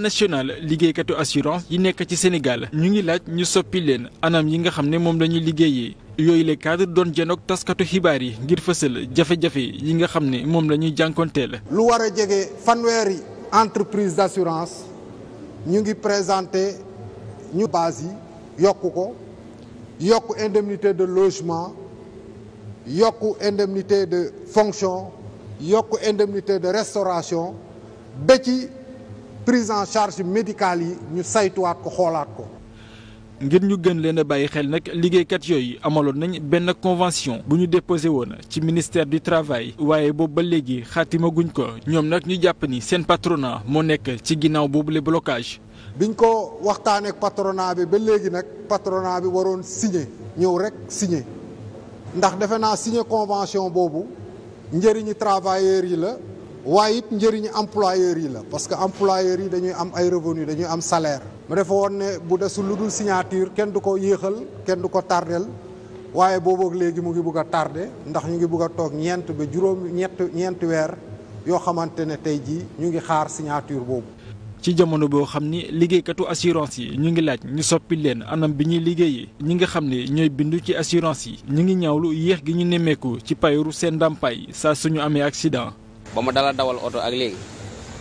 national liggéeykatu assurance yi nekk ci Sénégal ñu ngi laaj ñu soppi leen anam yi nga xam ne moom la ñuy liggéeyee yooyu les cadres doon jënoog taskatu xibaar yi ngir fësal jafe-jafe yi nga xam ne moom la ñuy jànkonteel. lu war a jege fanweeri entreprise d'assurance ñu ngi présenté ñu base yi yokk ko yokk indemnité de logement yokk indemnité de fonction yokk indemnité de restauration ba ci prise en charge médicale yi ñu saytuwaat ko xoolaat ko. ngir ñu gën leen a bàyyi xel nag liggéeykat yooyu amaloon nañu benn convention bu ñu déposé woon ci ministère du travail waaye boobu ba léegi xaatima ko ñoom nag ñu jàpp ni seen patronat moo nekk ci ginnaaw boobu le blocage. biñ ko waxtaanee ak bi ba léegi nag patronat bi waroon signé ñëw rek signé ndax defe naa signé convention boobu njëriñu travailleurs yi la waaye it njëriñu employeurs yi la parce que employeurs yi dañuy am ay revenus dañuy am salaire. mu defe woon ne bu desul lu dul signature kenn du ko yéexal kenn du ko tardel waaye boobook léegi mu ngi bugg a tardé ndax ñu ngi bugg a toog ñeent ba juróom ñett ñeenti weer yoo xamante ne tey jii ñu ngi xaar signature boobu. ci jamono boo xam ni liggéeykatu assurance yi ñu ngi laaj ñu soppi leen anam bi ñuy liggéeyee ñi nga xam ne ñooy bindu ci assurance yi ñu ngi ñaawlu yéex gi ñu nemmeeku ci payoru seen ndàmpaay saa suñu amee accident. ba ma dala dawal oto ak léegi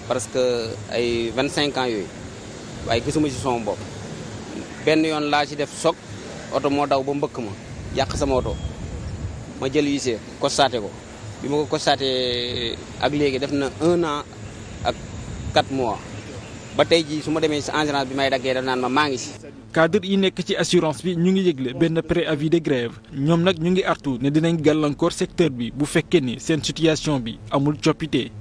parce que ay vingt cinq ans yooyu waaye gisuma ci sama bopp benn yoon laa ci def soog oto moo daw ba mbëkk ma yàq sama oto ma jël huissier constaté ko bi ma ko constaté ak léegi def na un an ak quatre mois ba tey jii su ma demee si assurance bi may daggee daf naan ma maa ngi si. cadre yi nekk ci assurance bi ñu ngi yëgle benn préavis de grève ñoom nag ñu ngi artu ne dinañ gàllankoor secteur bi bu fekkee ni seen situation bi amul coppite.